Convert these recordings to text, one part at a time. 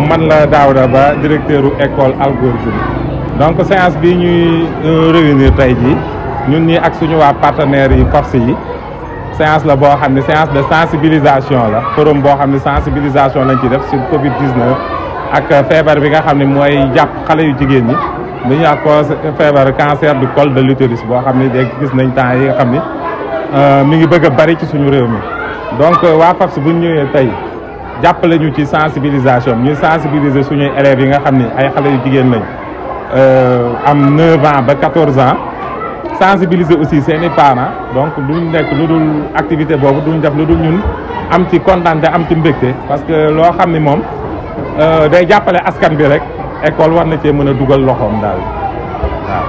man la Daouda Ba directeur école algorithme donc séance bi ñuy euh, réunir tey jii ñun nii ak suñu waa partenaires yi force yi séance la boo xam ne séance de sensibilisation la forum boo xam ne sensibilisation lañ ci def sur Covid ak feebar bi nga xam ne mooy jàpp xale yu jigéen ñi dañuy ak feebar cancer du col de l'utérus boo xam ne dégg gis nañ temps yi nga xam ne euh, mi ngi bëgg a bari ci suñu réew mi donc euh, waa FAFSA bu ñëwee tey. jàppale ñu ci sensibilisation ñu sensibiliser suñuy élèves yi nga xam ni ay xale yu jigéen lañ euh, am 9 ans ba 14 ans sensibiliser aussi seen i parents donc duñ nekk lu dul activité boobu duñ def lu dul ñun am ci kontaan am ci mbégte parce que loo xam ni moom euh, day jàppale askan bi rek école war na cee mën a dugal loxoom daal waaw.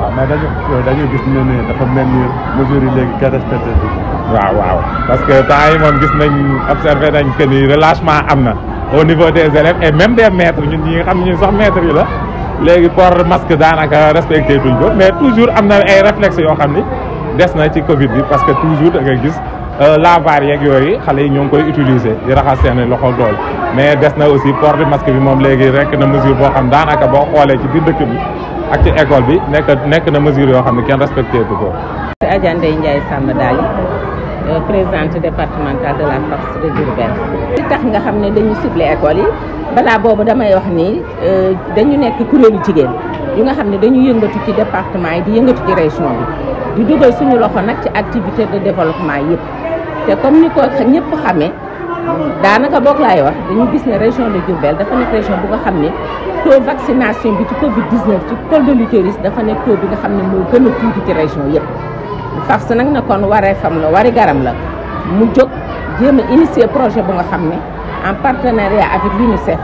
waaw mais dañu dañu gis ne dafa mel ni mesures yi léegi kenn respecté waaw waaw parce que temps yi gis nañ observé nañ que ni am na au niveau des élèves et même des maîtres ñun ñi nga xam ne ñun sax maîtres yi la léegi port masque daanaka respecté duñ ko mais toujours am na ay réflexes yoo xam ni des na ci Covid bi parce que toujours da nga gis euh, lavar yeeg yooyu xale yi ñoo ngi koy utiliser di raxas seen loxo lool mais des na aussi port du masque bi moom léegi rek na mesure boo xam daanaka boo xoole ci biir dëkk bi ak ci école bi nekk nekk na mesure yoo xam ne kenn respecté du ko. Adja Ndeye Ndiaye Samba Daly Euh, présidente départementale de la force de Diourbel ti tax nga xam ne dañu ciblé école yi balaa boobu damay wax ni euh, dañu nekk kuréelu jigéen yi nga xam ne dañu yëngatu ci département yi di yëngatu ci région bi di dugal suñu loxo nag ci activité de développement yëpp te comme ni ko ñëpp xamee daanaka boog laay wax dañu gis ne région de Diourbel dafa nekk région bu nga xam ne taux vaccination bi ci Covid 19 ci col de l'utérus dafa nekk bi nga xam ne moo gën a tuuti ci yëpp faf si nag ne kon waree fam la wari garam la mu jóg jéem a projet bu nga xam ne en partenariat avec l'UNICEF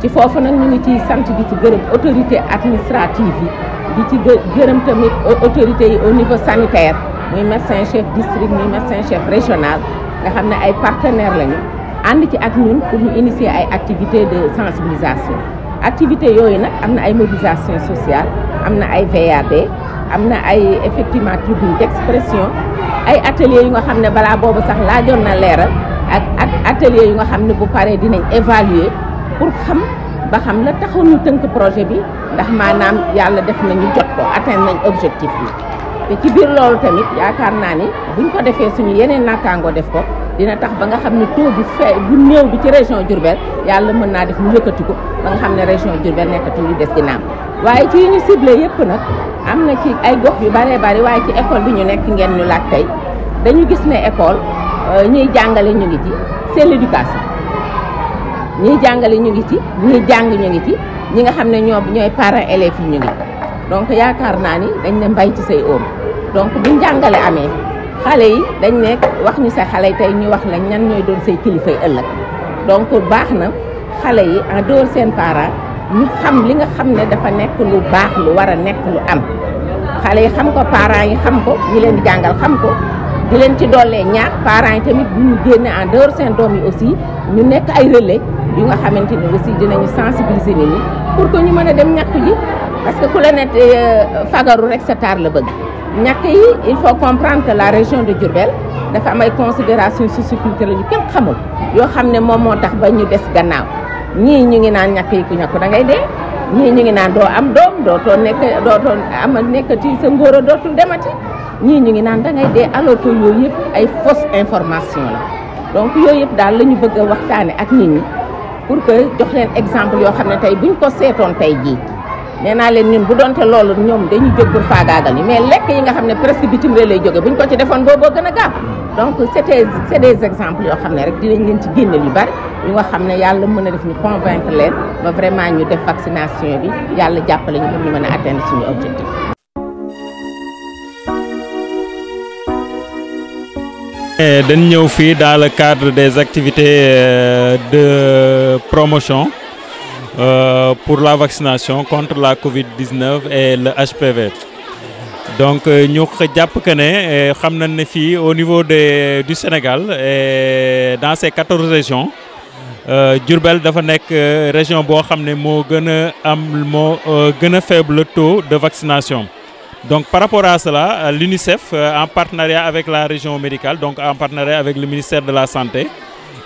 ci foofu nag ñu ci ciy sant di ci gërëm autorité administrative yi di ci gërëm tamit autorité yi au niveau sanitaire muy médecin chef district muy médecin chef régional nga xam ne ay partenaires lañu ànd ci ak ñun pour ñu initier ay activités de sensibilisation activité yooyu nag am na ay mobilisation sociale am na ay VAD am na ay effectivement tribune d'expression ay atelier yu nga xam ne balaa boobu sax laajoon na leeral ak ak atelier yu nga xam ne bu paree dinañ évaluer pour xam ba xam la taxoon ñu tënk projet bi ndax maanaam yàlla def nañu jot ko atteindre nañ objectif bi te ci biir loolu tamit yaakaar naa ni buñ ko defee suñu yeneen nattaangoo def ko dina tax ba nga xam ne taux bu fee bu néew bi ci région Diourbel yàlla mën naa def mu yëkkati ko ba nga xam ne région Diourbel nekkatul lu des ginnaaw waaye ci yi ñu ciblé yëpp nag am na ci ay gox yu bëree bëri waaye ci école bi ñu nekk ngeen ñu laaj tey dañu gis ne école euh, ñuy jàngale ñu ngi ci c'est l'éducation ñuy jàngale ñu ngi ci ñuy jàng ñu ngi ci ñi nga xam ne ñoo ñooy parents élèves yi ñu ngi donc yaakaar naa ni dañ ne mbay ci say om donc bu njàngale amee xale yi dañ nekk wax ñu sa xale yi tey ñu wax la ñan ñooy doon say kilifay ëllëg donc baax na xale yi en dehors seen parent ñu xam li nga xam ne dafa nekk lu baax lu war a nekk lu am xale yi xam ko parents yi xam ko ñu leen jàngal xam ko di leen ci doolee ñaax parents yi tamit bu ñu génne en dehors seen doom yi aussi ñu nekk ay relais yu nga xamante ni aussi dinañu sensibiliser nit ñi mën a dem ñàkk ji parce que ku la ne euh, fagaru rek sa taar la bëgg ñàkk yi il faut comprendre que la région de Diourbel dafa am ay considération socioculturelle yu kenn xamul yoo xam ne moom moo tax ba ñu des gannaaw ñii ñu ngi naan ñàkk yi ku ñàkku da ngay dee ñii ñu ngi naan doo am doom dootoo nekk dootoo ama nekkati sa ngóor a dootul demati ñii ñu ngi naan da ngay dee alors que yooyu yëpp ay fausse information la donc yooyu yëpp daal la ñu bëgg a waxtaane ak nit ñi pour jox leen exemple yoo xam ne tey buñ ko seetoon tey jii nee naa leen ñun bu doonte loolu ñoom dañuy jóg pour faagaagal mais lekk yi nga xam ne presque bitim réew lay jóge buñ ko ci defoon booboo gën a gaaw donc c'était c'est des exemples yoo xam ne rek dinañ leen ci génneel yu bari yu nga xam ne yàlla mën a def ñu convaincre leen ba vraiment ñu def vaccination bi yàlla jàppale ñu pour ñu mën a atteindre suñu objectif eh, dañ ñëw fii dans le cadre des activités euh, de promotion euh, pour la vaccination contre la Covid-19 et le HPV. donc euh, ñu jàpp que ne euh, xam na ne fii au niveau de du Sénégal et dans ces quatorze régions euh, Diourbel dafa nekk région boo xam ne moo gën a am moo gën a faible taux de vaccination. donc par rapport à cela l'UNICEF en partenariat avec la région médicale donc en partenariat avec le ministère de la santé.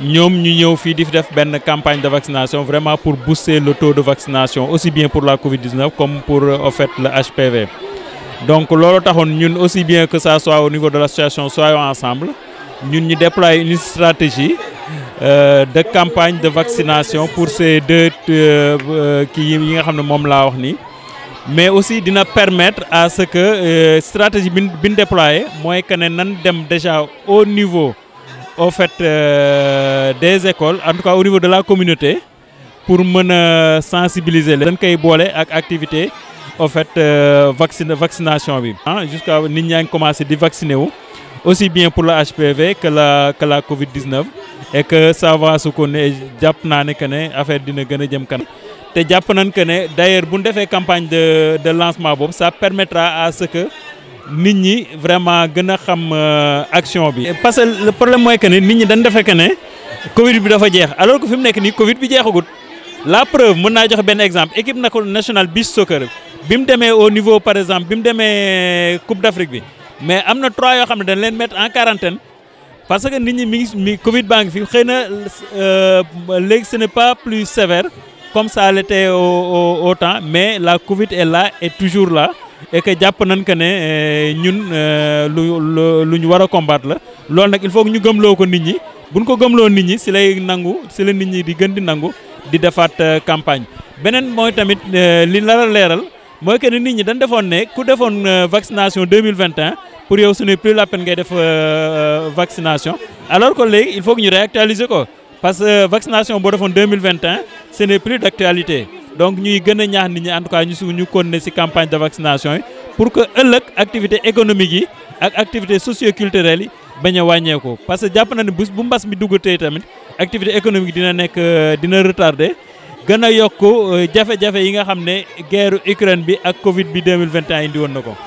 ñoom ñu ñëw fii di fi def benn campagne de vaccination vraiment pour booster le taux de vaccination aussi bien pour la Covid-19 comme pour euh, au fait le HPV. donc loolu taxoon ñun aussi bien que ça soit au niveau de l'association Soyons Ensemble ñun ñu déployer une stratégie euh, de campagne de vaccination pour ces deux euh, kii yi nga xam ne moom laa wax nii. mais aussi dina permettre à ce que stratégie bin bi ñu mooy que ne nan dem déjà au niveau. au fait euh, des écoles en tout cas au niveau de la communauté pour mën a sensibiliser leen. dañ koy boole ak activité au fait euh, vaccine vaccination bi. ah jusqu'à nit ñaa ngi commencé di vacciner wu aussi bien pour la HPV que la que la Covid 19 et que ça va ko ne jàpp naa ne que ne affaire dina gën a jëm kanam. te jàpp nañ que ne d'ailleurs bu ñu defee campagne de de lancement boobu sa permettra à ce nit ñi vraiment gën a xam euh, action bi. parce que le problème mooy que ne nit ñi dañ defee que ne Covid bi dafa jeex alors que fi mu nekk nii Covid bi jeexagut la preuve mën naa joxe benn exemple équipe nationale beach soccer bi mu demee au niveau par exemple bi mu demee Coupe d'Afrique bi mais am na trois yoo xam ne dañ leen mettre en quarantaine parce que nit ñi mi ngi mi Covid baa ngi fi xëy na euh, léegi ce n'est pas plus sévère comme ça l'était au au temps mais la Covid est là et toujours là. et que jàpp nañ que ne euh, ñun euh, lu lu ñu war a combattre la loolu nag il faut ñu gëm loo ko nit ñi bu buñ ko gëmloo nit ñi si lay nangu si la nit ñi di gën di nangu di defaat euh, campagne beneen mooy tamit li laral leeral mooy que ne nit ñi dañ defoon ne ku defoon vaccination 2021 pour yow su ne plus la peine ngay def vaccination alors que léegi il faut que ñu réactualiser ko parce que vaccination boo defoon 2021 ce n'est plus d'actualité donc ñuy gën a ñaax nit ñi en tout cas ñu si ñu continuer si campagne de vaccination yi pour que ëllëg activité économique yi ak activité socioculturelle yi bañ a wàññeeku parce que jàpp na ne bés bu mbas mi dugg duggatee tamit activité économique dina nekk euh, dina retardé gën a yokk euh, jafe-jafe yi nga xam ne guerre Ukraine bi ak Covid bi 2021 indi woon na ko.